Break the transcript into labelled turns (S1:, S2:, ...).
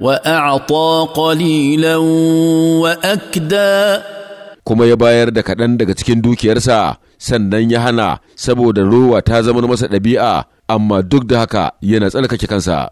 S1: واعطى قليلا واكدى
S2: kuma ya bayar da kaɗan daga cikin dukiyarsa sannan ya hana saboda rowa ta zama masa ɗabi'a amma duk da haka yana tsarkake kansa